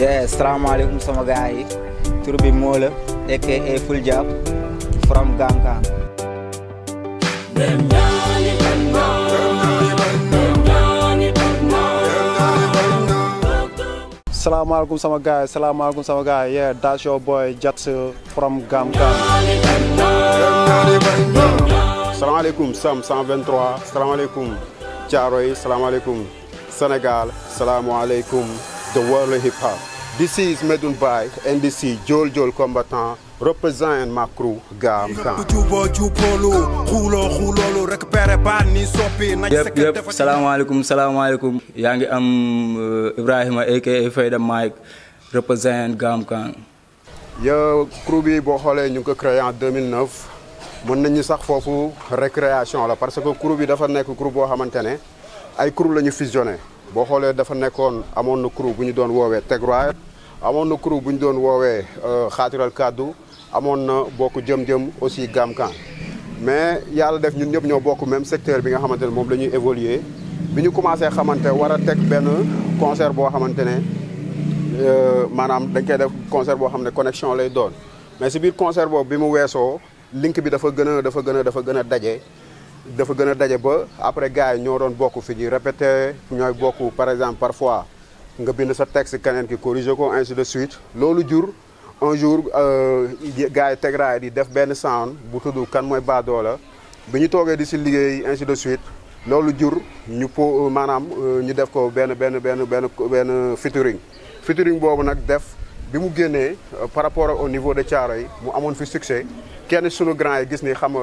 yes salaamaaleykum sama gars yi tur bi moo la aka Full Diab from Kankan salaamaaleykum sama gars yi salaamaaleykum sama gars yi yeah that's your boy Jats from Kankan salaamaaleykum Sam 123 salaamaaleykum Thiaroye salaamaaleykum Senegal, Salaam Alaikum, the world of hip hop. This is Medun Bai and this is Jol Jol Combatant represent ma crew Gam Khan. yëpp yëpp salaamaaleykum salaamaaleykum. yaa ngi am uh, Ibrahima aka Fayda Mike represent Gam Khan. yow crew bi boo xoolee ñu ngi ko créé en 2009 mën nañu sax foofu récréation la parce que crew bi dafa nekk crew boo xamante ne. ay crew lañu fusionné bo xolé dafa nekkoon amone crew buñu doon wowe Teg amone amoon na crew bu ñu doon woowee euh, xaatiral kàddu amoon na bokk jëm-jëm aussi gamkan mais yalla def ñun ñep ñoo bokku même secteur bi nga xamantene mom lañuy évoluer biñu commencé xamanté wara tek ben concert bo xamantene euh manam dañ koy def concert bo xam connexion lay doon mais ci biir concert boobu bi mu wesso link bi dafa gëna dafa gëna dafa gëna dajé dafa gën a daje ba après gars yi ñoo doon bokk fi ñuy répété ñooy bokk par exemple parfois nga bind sa texte keneen ki corrigé ko ainsi de suite loolu jur un jour euh, gars yi tegraay di def benn sound bu tudd kan mooy baadoola bi ñu toogee di si liggéey ainsi de suite loolu jur ñu po euh, maanaam euh, ñu def ko benn benn benn benn benn featuring featuring boobu nag def bi mu génnee par rapport au niveau de Thiaroye mu amoon fi succès kenn sunu grand yi gis ni xam nga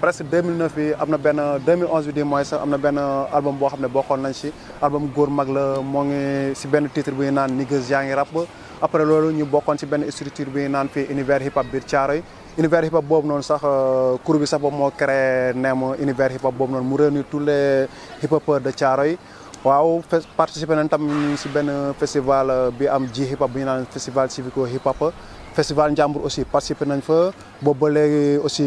presque 2009 bi am na benn 2011 bi di mooy sax am na album boo xam ne bokkoon nañ si album góor mag la moo ngi si benn titre bi ñu naan Niggas yaa ngi rap après loolu ñu bokkoon si benn structure bi naan fii univers hip hop biir Thiaroye univers hip hop boobu noonu sax kur euh, sax boobu moo créé neem univers hip hop boobu noonu mu réunir tous les hip hopeurs de Thiaroye waaw participé nañ tam si benn festival euh, bi am ji hip hop bu ñu naan festival civico hip hop festival Njàmbur aussi participé nañ fa boobu ba léegi aussi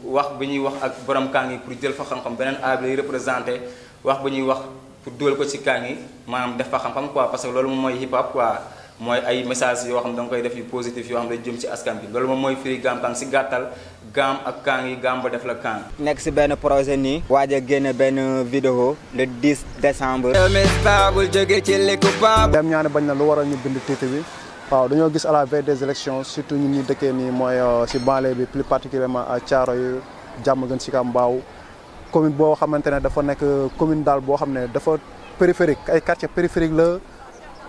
wax bi ñuy wax ak borom kaang yi pour jël fa xam-xam beneen aay bi lay wax bi ñuy wax pour dugal ko ci kaang yi maanaam def fa xam-xam quoi parce que loolu moom mooy hip hop quoi mooy ay message yoo xam ne da nga koy def yu positif yoo xam ne jëm ci askan bi loolu moom mooy firi gaam kaang si gàttal gaam ak kaang yi gaam ba def la kaang. nekk si benn projet nii. waaj a génne benn vidéo le 10 décembre. dem ñaane bañ na lu waral ñu bind titre bi. waaw dañoo gis à la veille des élections surtout ñun ñi dëkkee nii mooy si euh, banlieue bi plus particulièrement à Thiaroye Diamaguène Sicap Mbao commune boo xamante ne dafa nekk commune daal boo xam ne dafa périphérique ay quartier périphérique la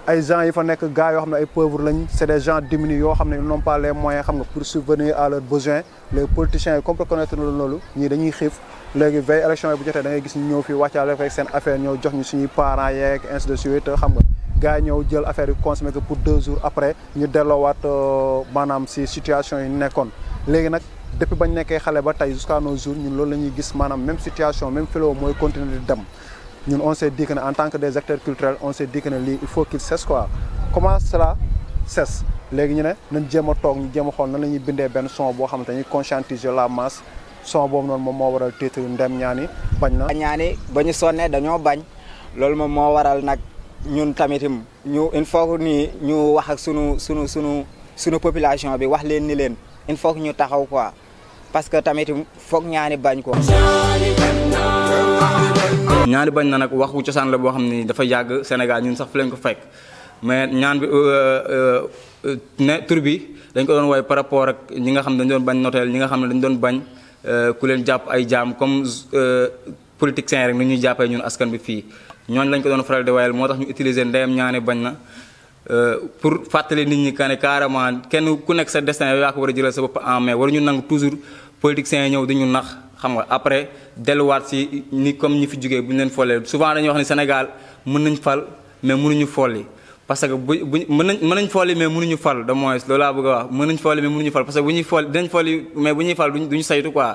ay gens yi fa nekk gars yoo xam ne ay pauvres lañ c'est des gens diminués yoo xam ne ils n'ont pas les moyens xam nga pour subvenir à leurs besoins les politiciens yi comprendre connaître loolu ñii dañuy xiif léegi veille élection yi bu jotee da ngay gis ñu ñëw fii wàccaale rek seen affaire ñëw jox ñu suñuy parents yeeg ainsi de suite xam nga gars yi ñëw jël affaire yi consommé ko pour deux jours après ñu delloowaat euh, manam si situation yi nekkoon léegi nag depuis bañ nekkee xale ba tey jusqu'à nos jours ñun loolu la ñuy gis même situation même fléau mooy continuer di dam. ñun on s'est dit que en tant que des acteurs culturels on s'est dit que ne il faut qu'il cesse quoi comment cela cesse léegi ñu ne nañ jéem a toog ñu jéem a xool nan la ñuy son boo xamante ni conscientiser la masse son boobu noonu moom moo waral titre Ndem ñaani bañ na. ñaani ba ñu sonnee dañoo bañ loolu moom moo waral nag. ñun tamitim ñu in faut nii ñu wax ak sunu sunu sunu sunu population bi wax leen ni leen il faut ñu taxaw quoi parce que tamitim foog ñaani bañ ko ñaani bañ na nag waxu cosaan la boo xam ni dafa yàgg Sénégal ñun sax fi lañ ko fekk mais ñaan bi euh, euh, ne tur bi dañ ko doon woy par rapport ak ñi nga xam dañ doon bañ noteel ñi nga xam ne dañ doon bañ euh, ku leen jàpp ay jaam comme politiciens rek ni ñuy jàppee ñun askan bi fii ñooñ lañ ko doon faral di waayal moo tax ñu utiliser ndeyam ñaane bañ na euh, pour fàttali nit ñi kane carrément kenn ku nekk sa destin yaa ko war a jëlal sa bopp en main waruñu nangu toujours politiciens yi ñëw di nax xam nga après delluwaat si ni comme ñi fi jugee bu ñu leen follee souvent dañuy wax ni Sénégal mën nañ fal mais mënuñu folli parce bu mën nañ folli mais a wax mën nañ fal parce que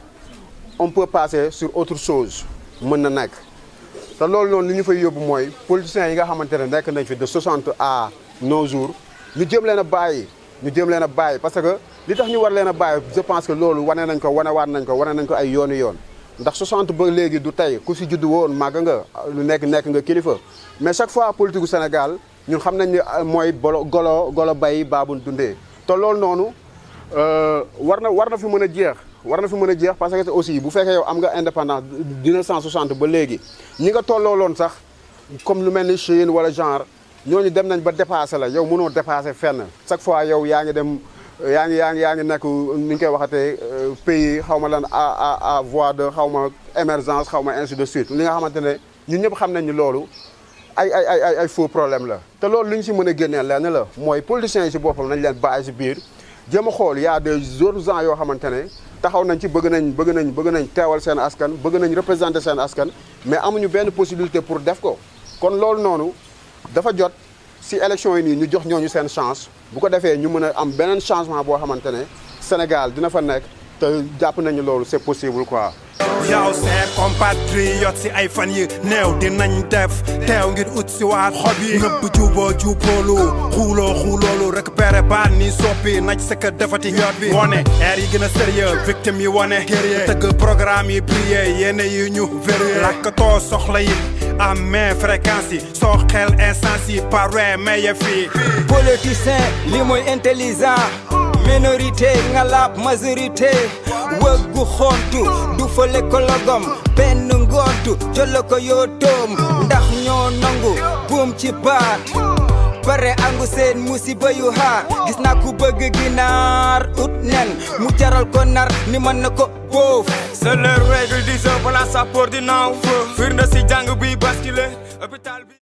on peut passer sur autre chose mon ce que nous loolu politiciens yi de 60 à nos jours nous jëm les a nous ñu jëm parce que les tax ñu je pense que loolu ce nañ ko nañ ko nañ ko ay ndax 60 ba léegi du tey ku si judd woon màgg nga lu nga mais chaque fois politique du Sénégal ñun xam nañ euh, golo golo bay baabun dundee te loolu noonu euh, war na war fi war na fi mën a jeex parce que aussi bu fekkee yow am nga indépendance 1960 ba léegi ñi nga tollooloon sax comme lu mel ni Chine wala genre ñooñu dem nañ ba dépassé la yow mënoo dépassé fenn chaque fois yow yaa ngi dem yaa ngi yaa ngi yaa nekk ni ñu koy waxatee euh, pays xaw ma lan à à voie de xawma ma émergence xaw ma ainsi de suite li nga xamante ne ñun ñëpp xam nañ ni loolu ay ay ay ay ay faux problème la te loolu li ñu si mën a génnee ne la mooy politiciens yi si boppam nañ leen si biir Il y a des jours, yoo xamante a taxaw nañ ci bëgg nañ bëgg nañ représenter askan mais possibilité pour DEFCO. si élection yi chance bu ko avons ñu changement Le Sénégal dina fa te c'est possible quoi yow seen compatriote si ay fan yi néew dinañ def teew ngir ut si waat xob yi nëbb juboo juboolu xuuloo xuuloolu récupéré baan ni soppi naj sëkk defati yoot yi gën a sérieux victime yi wone guerrier tëgg programme yi prier yéene yi ñu vérieux lakkatoo soxla yi amee fréquence yi soo xel instance yi pare maye fii politicien li mooy intelligent minorité ngalaab majorité wëggu xontu du fale ko logom benn ngontu jëla ko yoo doom ndax ñoo nangu buum ci baat bare angu seen musiba yu xaar gis naa ku bëgg ginaar ut nen mu jaral ko nar ni mën na ko boof c'est leur règle 10 heures di naaw feu firnde si jàng bi basculé